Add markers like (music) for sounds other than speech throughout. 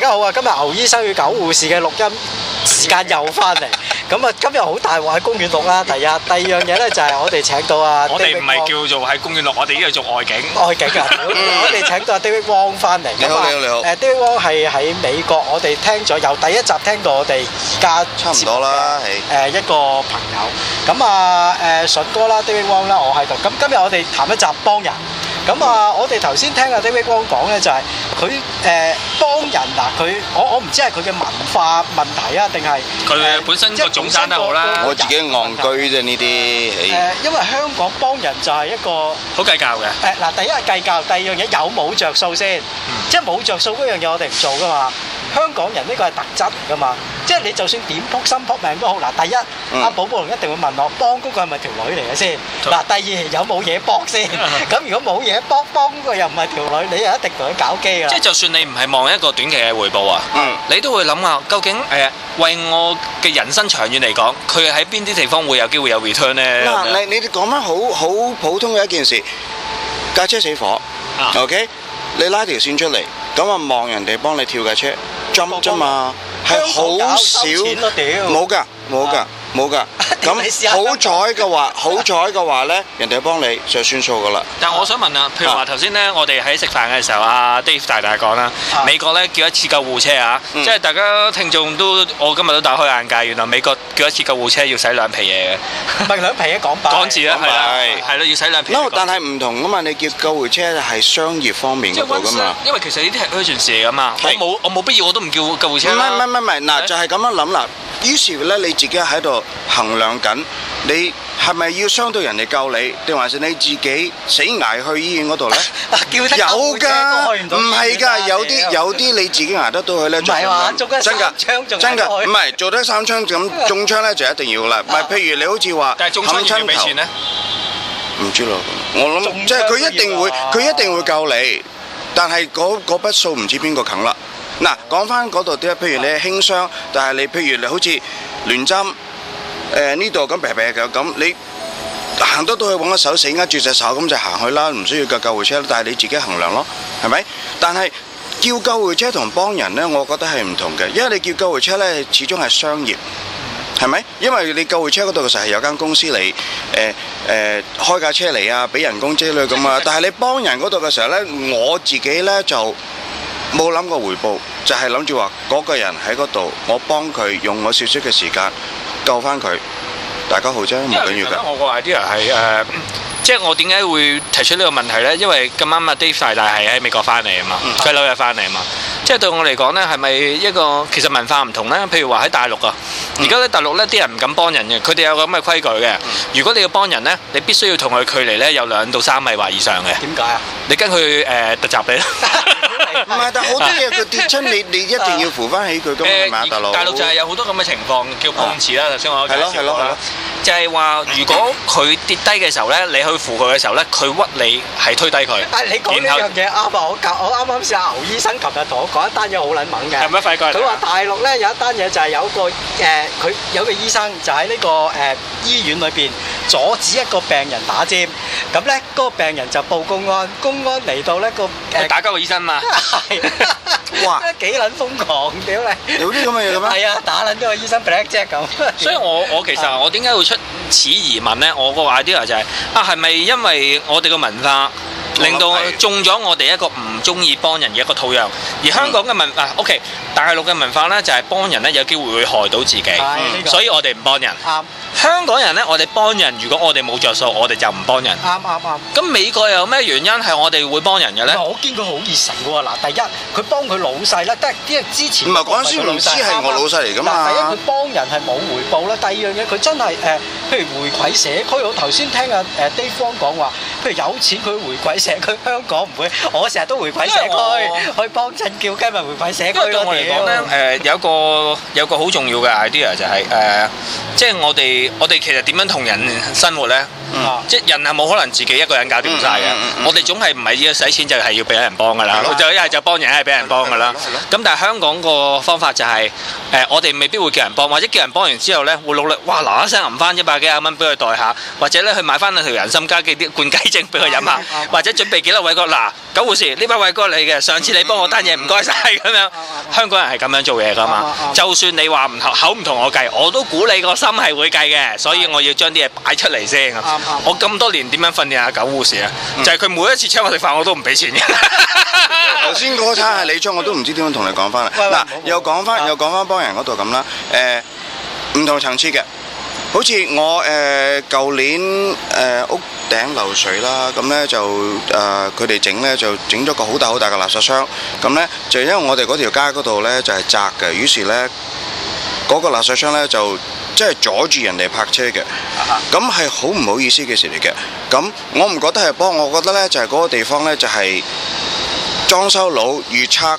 大家好啊！今日牛醫生與狗護士嘅錄音時間又翻嚟，咁啊今日好大鑊喺公園錄啦。第一，第二樣嘢咧就係我哋請到啊，我哋唔係叫做喺公園錄，我哋呢度做外景。外景啊！我哋請到 David Wong 翻嚟。你好，你好，你好。誒，David Wong 係喺美國。我哋聽咗由第一集聽到我哋而家。差唔多啦，誒。誒，一個朋友。咁啊，誒，順哥啦，David Wong 啦，我喺度。咁今日我哋談一集幫人。咁啊！我哋頭先聽阿 David Wong 講咧，就係佢誒幫人嗱，佢我我唔知係佢嘅文化問題啊，定係佢本身個種生得好啦，我自己戇居啫呢啲誒。因為香港幫人就係一個好計較嘅誒嗱，第一係計較，第二樣嘢有冇著數先，即係冇著數嗰樣嘢我哋唔做㗎嘛。香港人呢個係特質㗎嘛。你就算點撲心撲命都好，嗱，第一阿寶寶龍一定會問我幫嗰個係咪條女嚟嘅先，嗱，第二有冇嘢博先？咁如果冇嘢博，幫嗰個又唔係條女，你又一定同佢搞基啊！即係就算你唔係望一個短期嘅回報啊，你都會諗下，究竟誒為我嘅人生長遠嚟講，佢喺邊啲地方會有機會有 return 呢？嗱，你你哋講翻好好普通嘅一件事，架車死火，OK？你拉條線出嚟，咁啊望人哋幫你跳架車，jump 啫嘛。係好少，冇㗎，冇㗎。冇噶，咁好彩嘅話，好彩嘅話咧，人哋幫你就算數噶啦。但係我想問啊，譬如話頭先咧，我哋喺食飯嘅時候啊，Dave 大大講啦，美國咧叫一次救護車啊，即係大家聽眾都，我今日都打開眼界，原來美國叫一次救護車要使兩皮嘢嘅。咪兩皮嘅港幣？港紙啦，係啦，係啦，要使兩皮。咁但係唔同噶嘛，你叫救護車係商業方面嗰個噶嘛。因為其實呢啲係虛傳事嚟噶嘛。我冇我冇必要我都唔叫救護車啦。唔係唔係唔係，嗱就係咁樣諗啦。於是咧你自己喺度。衡量緊，你係咪要傷到人哋救你，定還是你自己死挨去醫院嗰度咧？有噶，唔係噶，有啲有啲你自己挨得到去咧。唔係話，中得真噶，真噶，唔係，做得三槍咁中槍咧就一定要啦。唔係譬如你好似話，中三槍俾錢咧？唔知咯，我諗即係佢一定會，佢一定會救你，但係嗰嗰筆數唔知邊個肯啦。嗱，講翻嗰度啲，譬如你輕傷，但係你譬如你好似亂針。誒呢度咁病病嘅咁，你行得到去揾個手死握住隻手咁就行去啦，唔需要叫救護車，但係你自己衡量咯，係咪？但係叫救護車同幫人咧，我覺得係唔同嘅，因為你叫救護車咧，始終係商業，係咪？因為你救護車嗰度嘅時候係有間公司嚟誒誒開架車嚟啊，俾人工之類咁啊。但係你幫人嗰度嘅時候咧，我自己咧就冇諗過回報，就係諗住話嗰個人喺嗰度，我幫佢用我少少嘅時間。救翻佢，大家好啫，唔緊要嘅。我個 idea 係誒，即係我點解會提出呢個問題咧？因為咁啱啊，Dave 大大係喺美國翻嚟啊嘛，佢紐約翻嚟啊嘛，即係對我嚟講咧，係咪一個其實文化唔同咧？譬如話喺大陸啊，而家喺大陸咧啲人唔敢幫人嘅，佢哋有咁嘅規矩嘅。如果你要幫人咧，你必須要同佢距離咧有兩到三米或以上嘅。點解啊？你跟佢誒突襲你啦。唔係，但係好多嘢佢跌親，你你一定要扶翻起佢噶嘛，大陸大陸就係有好多咁嘅情況，叫碰瓷啦。頭先我其實講就係話，如果佢跌低嘅時候咧，你去扶佢嘅時候咧，佢屈你係推低佢。但係你講呢樣嘢啱啊！我我啱啱試下牛醫生琴日同我講一單嘢好撚猛嘅。係咪廢句嚟？佢話大陸咧有一單嘢就係有個誒，佢有個醫生就喺呢個誒醫院裏邊阻止一個病人打尖。咁咧嗰個病人就報公安，公安嚟到咧，個誒打鳩個醫生嘛。係，哇！幾撚瘋狂屌你， (laughs) 有啲咁嘅嘢咁咩？係啊， (laughs) 打撚都係醫生 black 啫咁。 (laughs) (laughs) 所以我我其實 (laughs) 我點解會出此疑問咧？我個 idea 就係、是、啊，係咪因為我哋個文化？令到中咗我哋一個唔中意幫人嘅一個土壤，而香港嘅文化、嗯、啊，OK，大陸嘅文化呢，就係幫人呢，有機會會害到自己，嗯、所以我哋唔幫人。嗯、香港人呢，我哋幫人，如果我哋冇着數，我哋就唔幫人。啱啱啱。咁、嗯嗯嗯、美國有咩原因係我哋會幫人嘅呢？嗯、我見佢好熱誠喎，嗱，第一佢幫佢老細咧，即係之前。唔係講孫老師係我老細嚟㗎嘛？第一佢幫人係冇回報啦，第二樣嘢佢真係誒、呃，譬如回饋社區。我頭先聽阿誒方講話，譬如有錢佢回饋。社區香港唔會，我成日都回饋社區，去幫襯叫雞咪回饋社區多啲。因為對我嚟講咧，誒有個有個好重要嘅 idea 就係誒，即係我哋我哋其實點樣同人生活咧？即係人係冇可能自己一個人搞掂曬嘅，我哋總係唔係要使錢就係要畀人幫㗎啦？就一係就幫人，一係畀人幫㗎啦。咁但係香港個方法就係誒，我哋未必會叫人幫，或者叫人幫完之後咧，會努力哇嗱嗱聲攬翻一百幾廿蚊畀佢袋下，或者咧去買翻兩條人參雞嘅啲罐雞精畀佢飲下，或者。準備幾粒偉哥嗱。九護士呢班偉哥嚟嘅，上次你幫我單嘢唔該曬咁樣。香港人係咁樣做嘢㗎嘛？就算你話唔口唔同我計，我都估你個心係會計嘅，所以我要將啲嘢擺出嚟先。我咁多年點樣訓練阿九護士啊？就係佢每一次請我食飯，我都唔俾錢嘅。頭先嗰餐係你請，我都唔知點樣同你講翻嚟。喂，嗱，又講翻又講翻幫人嗰度咁啦。誒，唔同層次嘅，好似我誒舊年誒屋。頂漏水啦，咁呢就誒佢哋整呢，就整咗個好大好大嘅垃圾箱，咁呢，就因為我哋嗰條街嗰度呢，就係窄嘅，於是呢，嗰、嗰個垃圾箱呢，就即係阻住人哋泊車嘅，咁係好唔好意思嘅事嚟嘅。咁我唔覺得係幫我，不過我覺得呢，就係、係、嗰個地方呢，就係、係、裝修佬預測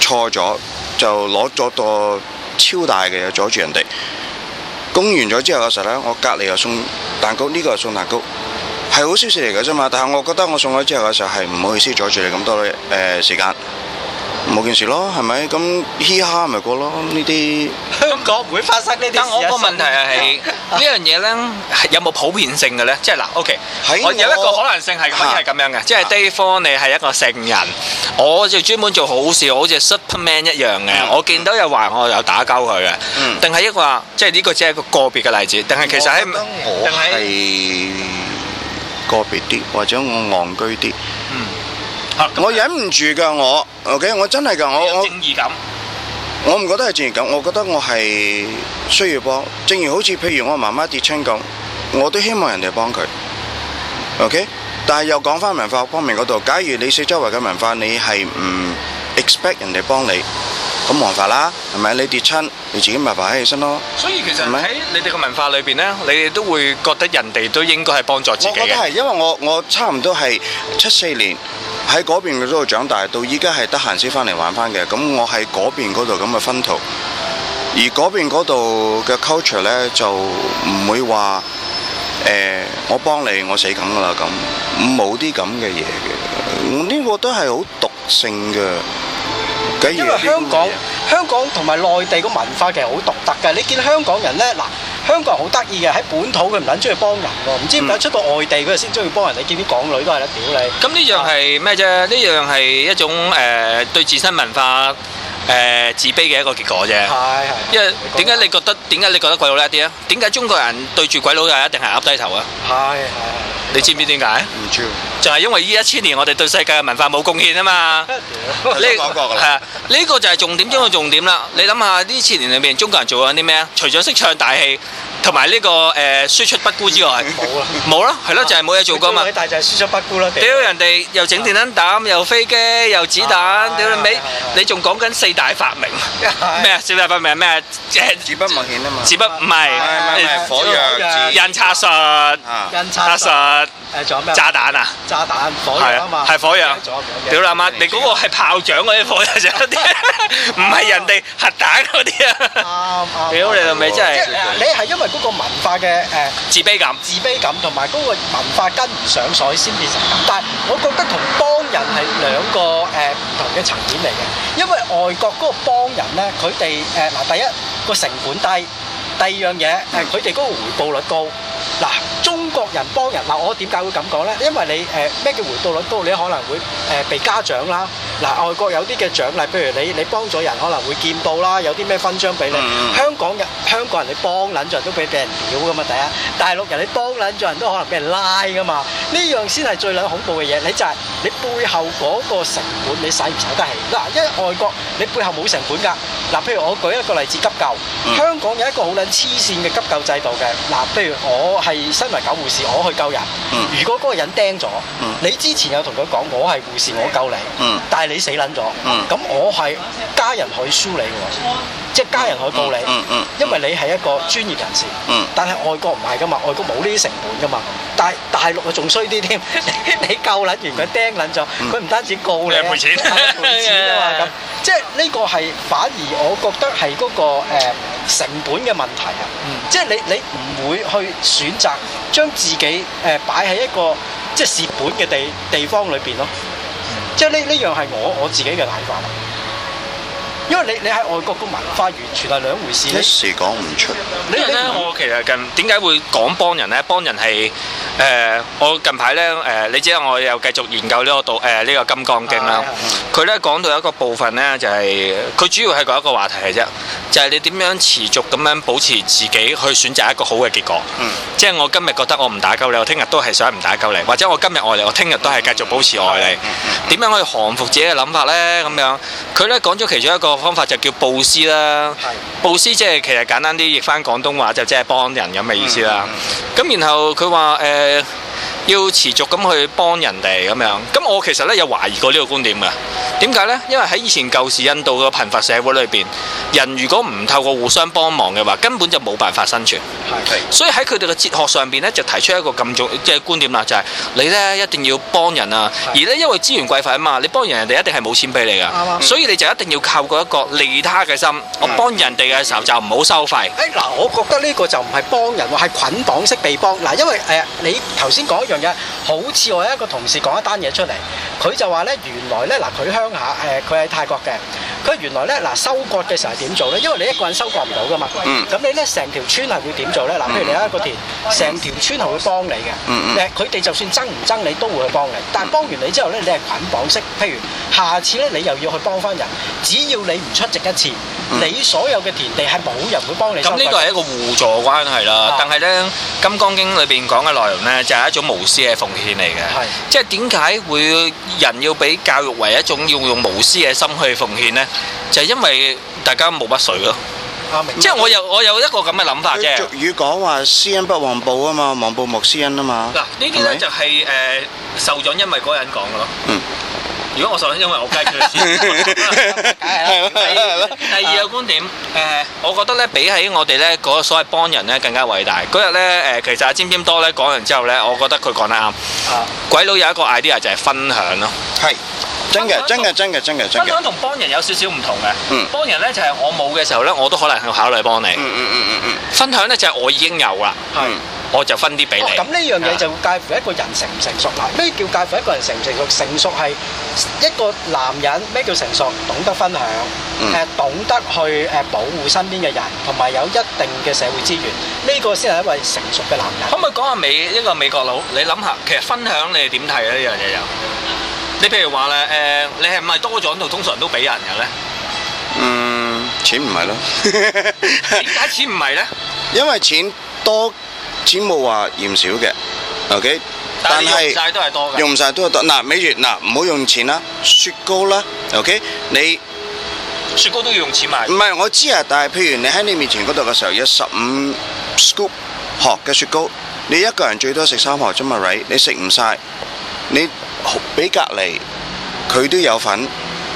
錯咗，就攞咗個超大嘅又阻住人哋。供完咗之後嘅時候呢，我隔離又送蛋糕，呢、呢個又送蛋糕。係好消息嚟噶啫嘛，但係我覺得我送咗之後嘅時候係唔好意思阻住你咁多誒時間，冇件事咯，係咪？咁嘻哈咪過咯呢啲。香港唔會發生呢啲？但係我個問題係呢樣嘢咧，有冇普遍性嘅咧？即係嗱，OK，有一個可能性係佢係咁樣嘅，即係 default 你係一個聖人，我就專門做好事，好似 Superman 一樣嘅。我見到有壞，我就打交佢嘅。嗯。定係一個話，即係呢個只係一個個別嘅例子，定係其實喺？我。定係。個別啲或者我戇居啲，嗯，我忍唔住噶我，OK，我真係噶我我正義感，我唔覺得係正義感，我覺得我係需要幫，正如好似譬如我媽媽跌親咁，我都希望人哋幫佢，OK，但係又講返文化方面嗰度，假如你識周圍嘅文化，你係唔。expect 人哋幫你，咁冇辦法啦，係咪？你跌親，你自己咪爬起起身咯。所以其實唔係喺你哋嘅文化裏邊咧，你哋都會覺得人哋都應該係幫助自己嘅。我覺得係，因為我我差唔多係七四年喺嗰邊嘅嗰度長大，到依家係得閒先翻嚟玩翻嘅。咁我係嗰邊嗰度咁嘅分途，而嗰邊嗰度嘅 culture 咧就唔會話誒，我幫你，我死梗噶啦咁，冇啲咁嘅嘢嘅。我呢個都係好獨性嘅，因為香港香港同埋內地個文化其實好獨特嘅。你見香港人咧，嗱香港人好得意嘅，喺本土佢唔撚中意幫人喎，唔知點解出到外地佢先中意幫人。你見啲港女都係得屌你。咁呢樣係咩啫？呢樣係一種誒對自身文化誒自卑嘅一個結果啫。係係。因為點解你覺得點解你覺得鬼佬叻啲啊？點解中國人對住鬼佬就一定係阿低頭啊？係係。你知唔知點解？唔知。就係因為呢一千年我哋對世界嘅文化冇貢獻啊嘛，呢個係啊，呢個就係重點中嘅重點啦。你諗下呢千年裏面中國人做緊啲咩啊？除咗識唱大戲同埋呢個誒輸出不辜之外，冇啦，冇啦，係啦，就係冇嘢做㗎嘛。但係就係輸出不辜咯。屌人哋又整電燈膽，又飛機，又子彈，屌你尾你仲講緊四大發明？咩啊？四大發明係咩啊？即係紙不冒險啊嘛。紙不唔係，火藥、印刷術、印刷術、炸彈啊。炸彈，係啊，係火藥。屌你媽，你嗰個係炮仗嗰啲火藥上，唔係人哋核彈嗰啲啊！啱，屌你老味真係。你係因為嗰個文化嘅誒自卑感，自卑感同埋嗰個文化跟唔上，所以先變成咁。但係我覺得同幫人係兩個誒唔同嘅層面嚟嘅，因為外國嗰個幫人咧，佢哋誒嗱第一個成本低，第二樣嘢誒佢哋嗰個回報率高嗱。中國人幫人嗱，我點解會咁講呢？因為你誒咩、呃、叫回報率高，你可能會、呃、被嘉獎啦。嗱、呃，外國有啲嘅獎勵，譬如你你幫咗人，可能會見到啦，有啲咩勳章俾你、嗯嗯香。香港人香港人你幫撚咗人都俾俾人屌噶嘛，第一大陸人你幫撚咗人都可能俾人拉噶嘛。呢樣先係最撚恐怖嘅嘢。你就係、是、你背後嗰個成本，你使唔使得起？嗱、呃，因為外國你背後冇成本㗎。嗱、呃，譬如我舉一個例子，急救、嗯、香港有一個好撚黐線嘅急救制度嘅。嗱、呃，譬如我係身為搞護士，我去救人。如果嗰個人釘咗，嗯、你之前有同佢講，我係護士，我救你。嗯、但係你死撚咗，咁、嗯、我係家人可以輸你，即係家人可以告你，嗯嗯嗯、因為你係一個專業人士。但係外國唔係㗎嘛，外國冇呢啲成本㗎嘛。大陸啊，仲衰啲添，你你告完，佢掟佢咗，佢唔、嗯、單止告你，你賠錢，賠、啊、錢啊嘛咁，即係呢個係反而我覺得係嗰個成本嘅問題啊，即係、嗯、你你唔會去選擇將自己誒擺喺一個即係蝕本嘅地地方裏邊咯，即係呢呢樣係我我自己嘅睇法。因為你你喺外國個文化完全係兩回事，一時講唔出。你咧，我其實近點解會講幫人咧？幫人係誒，我近排咧誒，你知我又繼續研究呢個讀誒呢個《金剛經》啦。佢咧講到一個部分咧，就係佢主要係講一個話題係啫，就係你點樣持續咁樣保持自己去選擇一個好嘅結果。嗯。即係我今日覺得我唔打鳩你，我聽日都係想唔打鳩你；或者我今日愛你，我聽日都係繼續保持愛你。點樣可以降服自己嘅諗法咧？咁樣佢咧講咗其中一個。方法就叫布施啦，係是的 布施即係其實簡單啲譯翻廣東話，就即係幫人咁嘅意思啦。咁、嗯嗯嗯、然後佢話誒。呃要持續咁去幫人哋咁樣，咁我其實咧有懷疑過呢個觀點嘅，點解呢？因為喺以前舊時印度嘅貧乏社會裏邊，人如果唔透過互相幫忙嘅話，根本就冇辦法生存。係係。所以喺佢哋嘅哲學上邊咧，就提出一個咁重即係觀點啦，就係你呢一定要幫人啊，而呢因為資源貴費啊嘛，你幫人，人哋一定係冇錢俾你噶。係嘛。所以你就一定要透過一個利他嘅心，我幫人哋嘅時候就唔好收費。誒嗱，我覺得呢個就唔係幫人，係捆綁式被幫。嗱，因為誒你頭先嗰樣嘢，好似我有一個同事講一單嘢出嚟，佢就話咧，原來咧，嗱，佢鄉下誒，佢、呃、喺泰國嘅。佢原來咧，嗱，收割嘅時候係點做咧？因為你一個人收割唔到噶嘛。嗯。咁你咧成條村係會點做咧？嗱，譬如你有一個田，成條村係會幫你嘅。嗯嗯。誒，佢哋就算爭唔爭你，都會去幫你。嗯。但係幫完你之後咧，你係捆綁式。譬如下次咧，你又要去幫翻人，只要你唔出席一次，你所有嘅田地係冇人會幫你。咁呢個係一個互助關係啦。啊。但係咧，《金剛經》裏邊講嘅內容咧，就係一種無私嘅奉獻嚟嘅。係。即係點解會人要俾教育為一種要用無私嘅心去奉獻咧？就係因為大家冇乜水咯，即係我有我有一個咁嘅諗法啫。俗語講話，施恩不望報啊嘛，望報莫施恩啊嘛。嗱，呢啲咧就係誒受咗恩惠嗰人講嘅咯。嗯，如果我受咗恩惠，我介紹先。係咯，係咯。第二個觀點，誒，我覺得咧比起我哋咧嗰個所謂幫人咧更加偉大。嗰日咧誒，其實阿尖尖多咧講完之後咧，我覺得佢講得啱。啊，鬼佬有一個 idea 就係分享咯。係。真嘅，真嘅，真嘅，真嘅，真嘅。分享同幫人有少少唔同嘅。嗯。幫人咧就係我冇嘅時候咧，我都可能去考慮幫你。嗯嗯嗯嗯嗯。分享咧就係我已經有啦。嗯。我就分啲俾你。咁呢樣嘢就介乎一個人成唔成熟。嗱，咩叫介乎一個人成唔成熟？成熟係一個男人，咩叫成熟？懂得分享。嗯。誒，懂得去誒保護身邊嘅人，同埋有一定嘅社會資源，呢個先係一位成熟嘅男人。可唔可以講下美一個美國佬？你諗下，其實分享你哋點睇呢樣嘢又？你譬如話啦，誒，你係唔係多咗嗰度通常都俾人嘅咧？嗯，錢唔係咯。點解錢唔係咧？因為錢多，錢冇話嫌少嘅。OK，但係用唔曬都係多嘅。用唔曬都係多。嗱，每月嗱唔好用錢啦，雪糕啦。OK，你雪糕都要用錢買。唔係我知啊，但係譬如你喺你面前嗰度嘅時候有十五 scoop 學嘅雪糕，你一個人最多食三 scoop 啫嘛，你食唔曬你？俾隔離佢都有份，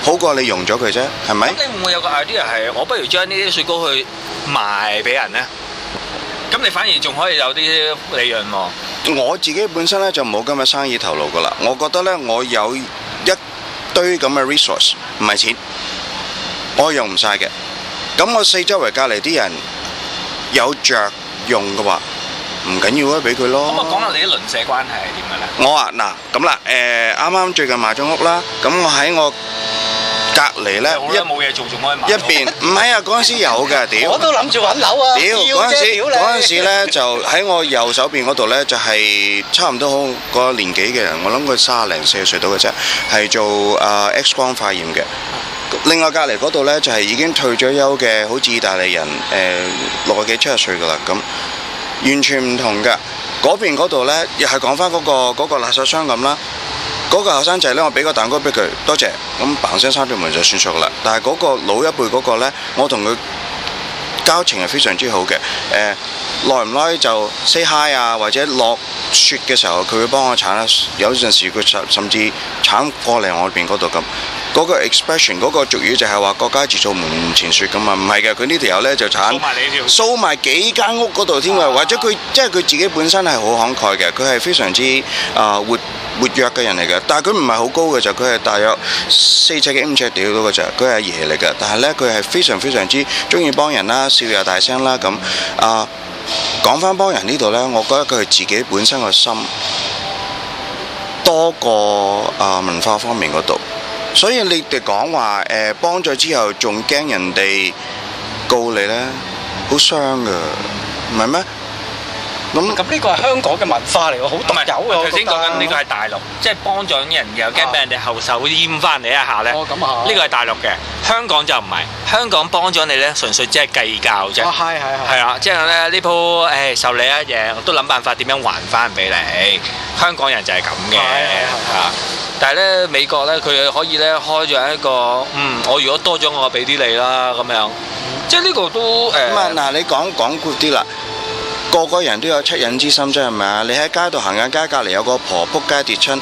好過你用咗佢啫，係咪？咁你會唔會有個 idea 係我不如將呢啲雪糕去賣俾人咧？咁你反而仲可以有啲利潤喎。我自己本身咧就冇咁嘅生意頭腦噶啦，我覺得咧我有一堆咁嘅 resource，唔係錢，我用唔晒嘅。咁我四周圍隔離啲人有著用嘅話。唔緊要啊，俾佢咯。咁啊，講下你啲鄰舍關係係點嘅咧？我啊，嗱咁啦，誒，啱啱最近買咗屋啦，咁我喺我隔籬咧，一冇嘢做，仲可以買。一邊唔係啊，嗰陣時有嘅屌。我都諗住揾樓啊，屌嗰陣時，嗰陣時咧就喺我右手邊嗰度咧，就係差唔多好嗰個年紀嘅人，我諗佢卅零四歲到嘅啫，係做啊 X 光化驗嘅。另外隔籬嗰度咧就係已經退咗休嘅，好似意大利人，誒，六廿幾七廿歲噶啦咁。完全唔同嘅，嗰邊嗰度呢，又係講翻嗰個垃圾箱咁啦。嗰個後生仔呢，我俾個蛋糕俾佢，多謝。咁扮聲閂住門就算數啦。但係嗰個老一輩嗰個咧，我同佢交情係非常之好嘅。耐唔耐就 say hi 啊，或者落雪嘅時候，佢會幫我鏟。有陣時佢甚至鏟過嚟我呢邊嗰度咁。嗰個 expression，嗰個俗語就係話國家自掃門前雪咁啊，唔係嘅，佢呢條友咧就鏟掃埋幾間屋嗰度添啊，或者佢即係佢自己本身係好慷慨嘅，佢係非常之啊、呃、活活躍嘅人嚟嘅，但係佢唔係好高嘅就，佢係大約四尺幾五尺屌嗰隻，佢係爺嚟嘅，但係咧佢係非常非常之中意幫人啦，笑又大聲啦咁啊，講返、呃、幫人呢度咧，我覺得佢係自己本身個心多過啊、呃、文化方面嗰度。所以你哋講話誒幫咗之後，仲驚人哋告你咧，好傷噶，唔係咩？咁咁呢個係香港嘅文化嚟㗎，好唔係有嘅。頭先講緊呢個係大陸，即係幫咗人又驚俾人哋後手閹翻你一下咧。哦，咁啊。呢個係大陸嘅，香港就唔係。香港幫咗你咧，純粹即係計較啫。哦，係係係。係啊，即係咧呢鋪誒受你一樣，我都諗辦法點樣還翻俾你。香港人就係咁嘅嚇。但係咧，美國咧，佢可以咧開咗一個，嗯，我如果多咗，我俾啲你啦，咁樣，即係呢個都誒。咁、欸、啊，嗱、嗯嗯，你講講闊啲啦，個個人都有惻隱之心啫，係咪啊？你喺街度行緊街，隔離有個婆仆街跌親。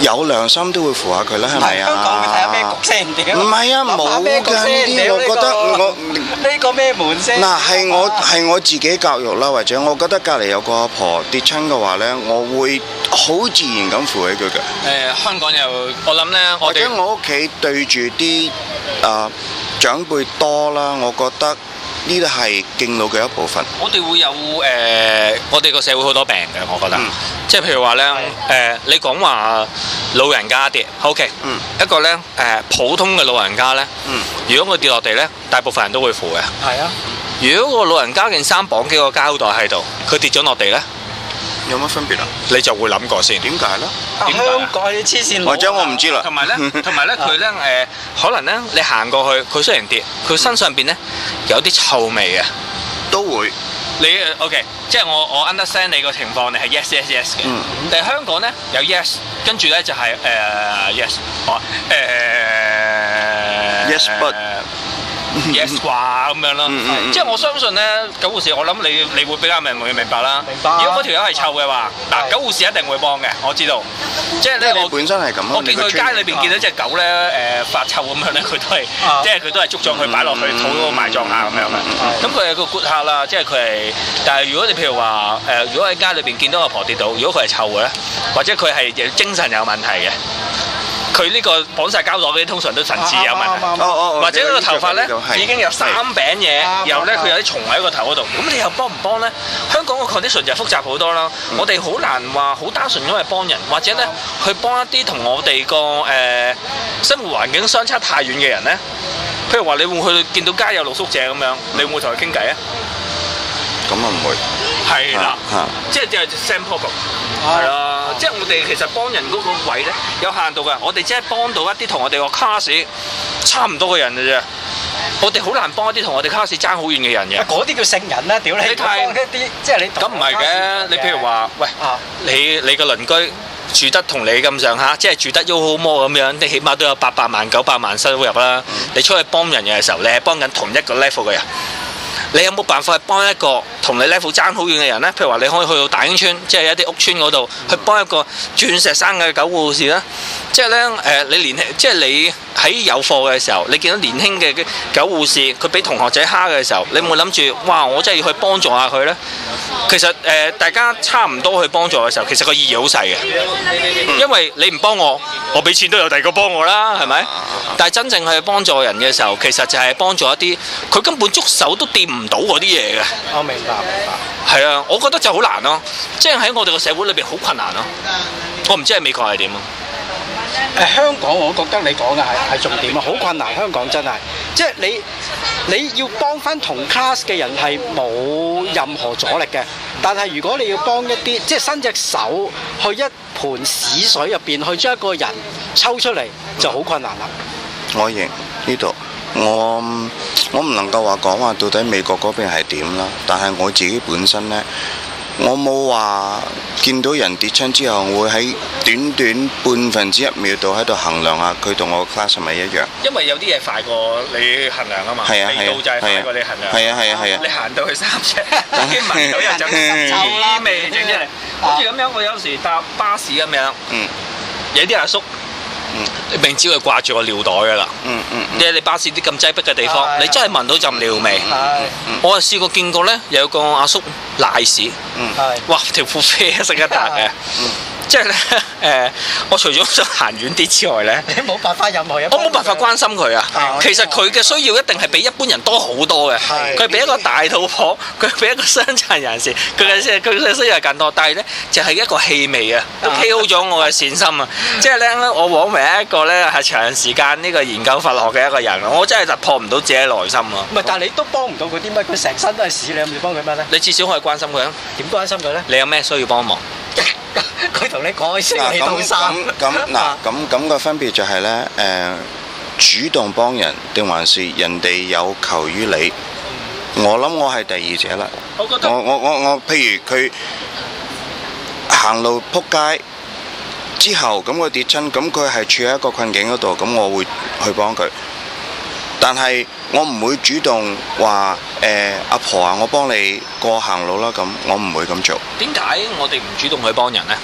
有良心都會扶下佢啦，係咪是啊？講睇下咩角色唔掂？唔係啊，冇㗎呢啲，這個、我覺得我呢 (laughs) 個咩門先？嗱係我係我自己教育啦，或者我覺得隔離有個阿婆跌親嘅話咧，我會好自然咁扶起佢嘅。誒、哎，香港有我諗咧，我者我屋企對住啲誒長輩多啦，我覺得。呢啲係敬老嘅一部分。我哋會有誒、呃，我哋個社會好多病嘅，我覺得。嗯、即係譬如話咧，誒的、呃，你講話老人家跌，OK，嗯、一個咧誒、呃，普通嘅老人家咧，嗯、如果佢跌落地咧，大部分人都會扶嘅。係啊的，如果個老人家件衫綁幾個膠袋喺度，佢跌咗落地咧。有乜分別啊？你就會諗過先，點解咧？點解你黐線，我將我唔知啦。同埋咧，同埋咧，佢咧誒，可能咧，你行過去，佢雖然跌，佢身上邊咧有啲臭味啊，都會。你 OK，即係我我 understand 你個情況，你係 yes yes yes 嘅。但係香港咧有 yes，跟住咧就係誒 yes，哦誒 yes but。yes 啩，right? 咁樣咯，mm hmm. 即係我相信咧，狗護士我諗你你會比較明會明白啦。白如果嗰條友係臭嘅話，嗱、啊，狗護士一定會幫嘅，我知道。即係咧，我本身係咁。我見佢街裏邊見到隻狗咧，誒、嗯呃、發臭咁樣咧，佢都係，即係佢都係捉咗佢擺落去土嗰個埋葬下咁樣嘅。咁佢係個 good 客啦，即係佢係。但係如果你譬如話誒、呃，如果喺街裏邊見到阿婆，婆跌倒，如果佢係臭嘅咧，或者佢係精神有問題嘅。佢呢個綁晒膠袋嗰啲通常都神志有問題，或者佢個頭髮咧已經有三餅嘢，然後咧佢有啲蟲喺個頭嗰度，咁你又幫唔幫咧？香港個 condition 就複雜好多啦，我哋好難話好單純因為幫人，或者咧去幫一啲同我哋個誒生活環境相差太遠嘅人咧。譬如話你會去見到街有露宿者咁樣，你會唔會同佢傾偈啊？咁啊唔會，係啦，即係就係 sample 係啦。即係我哋其實幫人嗰個位咧有限度㗎，我哋即係幫到一啲同我哋個 class 差唔多嘅人嘅啫。我哋好難幫一啲同我哋 class 爭好遠嘅人嘅。嗰啲叫聖人啦、啊，屌你！你太即係你咁唔係嘅。你譬如話，喂，你你個鄰居住得同你咁上下，即係住得 Umo 咁樣，你起碼都有八百萬九百萬收入啦。嗯、你出去幫人嘅時候，你係幫緊同一個 level 嘅人。你有冇辦法去幫一個？同你 level 爭好遠嘅人呢，譬如話你可以去到大興村，即係一啲屋村嗰度，去幫一個鑽石山嘅狗護士啦。即係呢，誒、呃、你年輕，即係你喺有貨嘅時候，你見到年輕嘅狗護士佢俾同學仔蝦嘅時候，你有冇諗住哇？我真係要去幫助下佢呢。」其實誒，大家差唔多去幫助嘅時候，其實個意義好細嘅，嗯，因為你唔幫我，我俾錢都有第二個幫我啦，係咪？但係真正去幫助人嘅時候，其實就係幫助一啲佢根本觸手都掂唔到嗰啲嘢嘅。我明白。係啊，我覺得就好難咯、啊，即係喺我哋個社會裏邊好困難咯、啊。我唔知係美國係點啊。香港我覺得你講嘅係係重點啊，好困難。香港真係，即係你你要幫翻同 class 嘅人係冇任何阻力嘅，但係如果你要幫一啲，即係伸隻手去一盆屎水入邊去將一個人抽出嚟，就好困難啦。我認呢度。我我唔能夠話講話到底美國嗰邊係點啦，但係我自己本身咧，我冇話見到人跌親之後，我會喺短短半分之一秒度喺度衡量下佢同我 class 係咪一樣。因為有啲嘢快過你衡量啊嘛。係啊，係啊，係啊，係啊，你行到去三尺已經聞到一陣刺鼻味，真係好似咁樣。我有時搭巴士咁樣，有啲阿叔。你明知佢掛住個尿袋噶啦，嗯嗯，你喺你巴士啲咁擠迫嘅地方，你真係聞到浸尿味，係，我啊試過見過咧，有個阿叔瀨屎，嗯，哇條褲啡色一笪嘅，嗯，即係咧。誒、呃，我除咗想行遠啲之外咧，你冇辦法任何嘢。我冇辦法關心佢啊。啊其實佢嘅需要一定係比一般人多好多嘅。佢是比一個大肚婆，佢比一個傷殘人士，佢嘅佢需要更多。但係咧，就係、是、一個氣味啊，都 KO 咗我嘅善心啊。即係咧，我枉為一個咧係長時間呢個研究佛學嘅一個人咯。我真係突破唔到自己內心啊。唔係，但係你都幫唔到佢啲乜，佢成身都係屎，你有冇要幫佢咩？咧？你至少可以關心佢啊。點關心佢咧？你有咩需要幫忙？佢同 (laughs) 你講 (laughs) (laughs) 咁咁咁嗱，咁咁個分別就係咧，誒，主動幫人定還是人哋有求於你？我諗我係第二者啦。我我我我，譬如佢行路仆街之後，咁佢跌親，咁佢係處喺一個困境嗰度，咁我會去幫佢。但係我唔會主動話，誒，阿婆啊，我幫你過行路啦，咁我唔會咁做。點解我哋唔主動去幫人呢？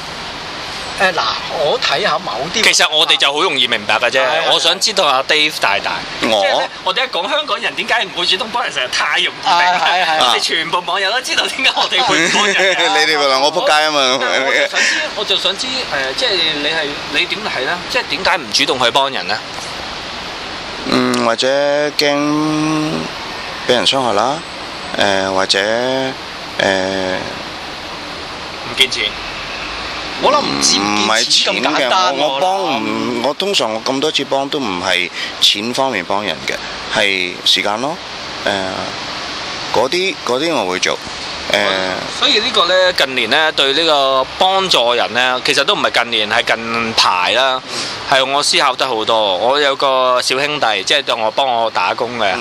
誒，嗱，我睇下某啲，其實我哋就好容易明白嘅啫。的我想知道阿 Dave 大大，我，我哋一講香港人點解唔會主動幫人成，實在太容易明啦。係係係，我哋全部網友都知道點解我哋會幫人啊。 (laughs) 你哋話我扑街啊嘛。想知我，我就想知，誒，即、呃、係、即係、你係你點睇咧？即係點解唔主動去幫人咧？嗯，或者驚俾人傷害啦，誒、呃，或者誒，唔見錢。我諗唔止錢咁簡單喎。我幫，我通常我咁多次幫都唔係錢方面幫人嘅，係時間咯。嗰啲嗰啲我會做。呃，所以個呢個呢近年呢對呢個幫助人呢，其實都唔係近年，係近排啦。係我思考得好多。我有個小兄弟，即係當我幫我打工嘅。嗯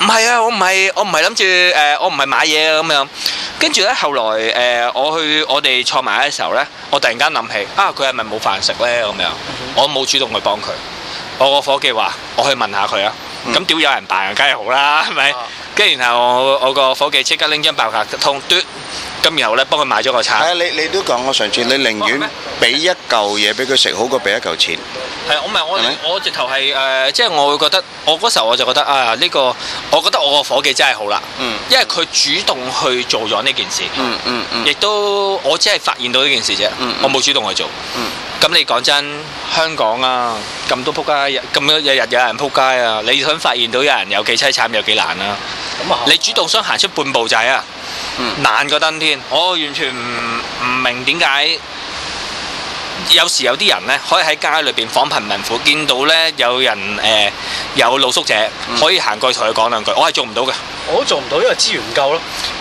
唔係啊，我唔係我唔係諗住誒，我唔係、呃、買嘢啊咁樣。跟住呢，後來誒、呃，我去我哋坐埋嘅時候呢，我突然間諗起啊，佢係咪冇飯食呢？咁樣，我冇主動去幫佢。我個伙計話，我去問下佢啊。咁屌、嗯、有人辦，梗係好啦，係咪？跟住、啊、然後我我個夥計即刻拎張爆卡，同嘟咁然後咧幫佢買咗個餐。係啊，你你都講我上次你寧願，你寧願俾一嚿嘢俾佢食，好過俾一嚿錢。係，我唔係我的我直頭係誒，即係我會覺得，我嗰時候我就覺得啊，呢、這個我覺得我個伙計真係好啦，嗯、因為佢主動去做咗呢件事。亦、嗯嗯嗯、都我只係發現到呢件事啫，我冇主動去做。嗯嗯嗯咁你講真，香港啊，咁多撲街，咁樣日日有人撲街啊！你想發現到有人有幾凄慘，有幾難啊？嗯嗯、你主動想行出半步仔啊？難過登天！我完全唔唔明點解。有時有啲人咧，可以喺街裏邊訪貧問苦，見到咧有人誒、呃、有露宿者，可以行過去同佢講兩句，我係做唔到嘅。我做唔到，因為資源唔夠咯。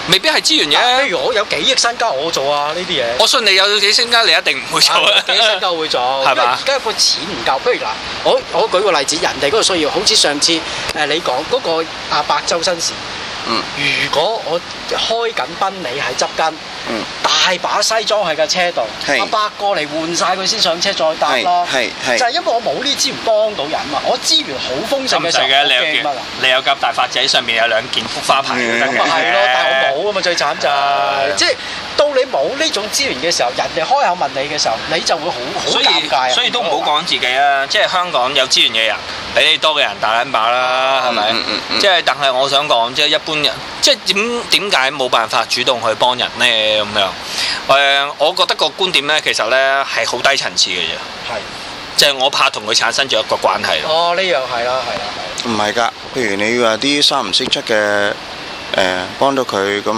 未必係資源嘅。不、啊、如我有幾億身家，我做啊呢啲嘢。我信你有幾億身家、啊，你一定唔會做、啊。幾億身家我會做，係嘛？而家個錢唔夠。不如嗱，我我舉個例子，人哋嗰個需要，好似上次誒你講嗰、那個阿伯周新善。嗯，如果我開緊賓利喺執緊，嗯，大把西裝喺架車度，阿伯是過嚟換晒佢先上車再搭啦，係係，就係因為我冇呢啲資源幫到人啊嘛，我資源好豐盛嘅上，驚乜啊？怕你有夾麼大發仔，上面有兩件福華牌，咁咪係咯， (laughs) 但係我冇啊嘛，最慘就係、是，即係。到你冇呢種資源嘅時候，人哋開口問你嘅時候，你就會好好尷尬，所以，啊、所以都唔好講自己啦、啊，即係、嗯、香港有資源嘅人比你多嘅人大把啦，係咪？即係但係我想講，即、就、係、是、一般人，即係點點解冇辦法主動去幫人呢？咁樣誒，我覺得個觀點呢，其實呢係好低層次嘅嘢，係即係我怕同佢產生咗一個關係。哦，呢樣係啦，係啦，係。唔係㗎，譬如你要話啲三唔識七嘅誒，幫到佢咁。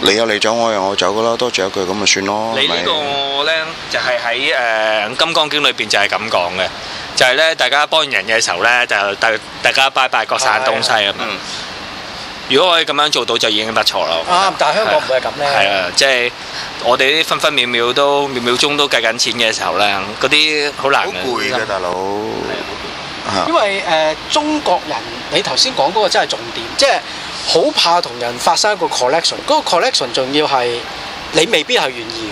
你有你嚟我有我走噶啦，多謝一句咁咪算咯。你呢個咧就係喺誒《金剛經》裏邊就係咁講嘅，就係咧大家幫完人嘅時候咧就大大家拜拜各散東西咁。嗯，如果可以咁樣做到就已經不錯咯。啊，但係香港唔會係咁咧。係啊，即係我哋啲分分秒秒都秒秒鐘都計緊錢嘅時候咧，嗰啲好難。好攰嘅大佬。係啊。因為誒中國人，你頭先講嗰個真係重點，即係。好怕同人發生一個 collection，嗰個 collection 仲要係你未必係願意。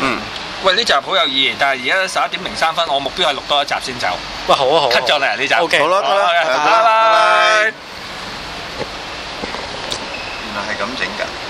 嗯，喂，呢集好有意義，但係而家十一點零三分，我目標係錄多一集先走。喂、啊，好啊好，cut 咗嚟呢集，OK，好啦、啊，好啊好啊、拜拜。原來係咁整㗎。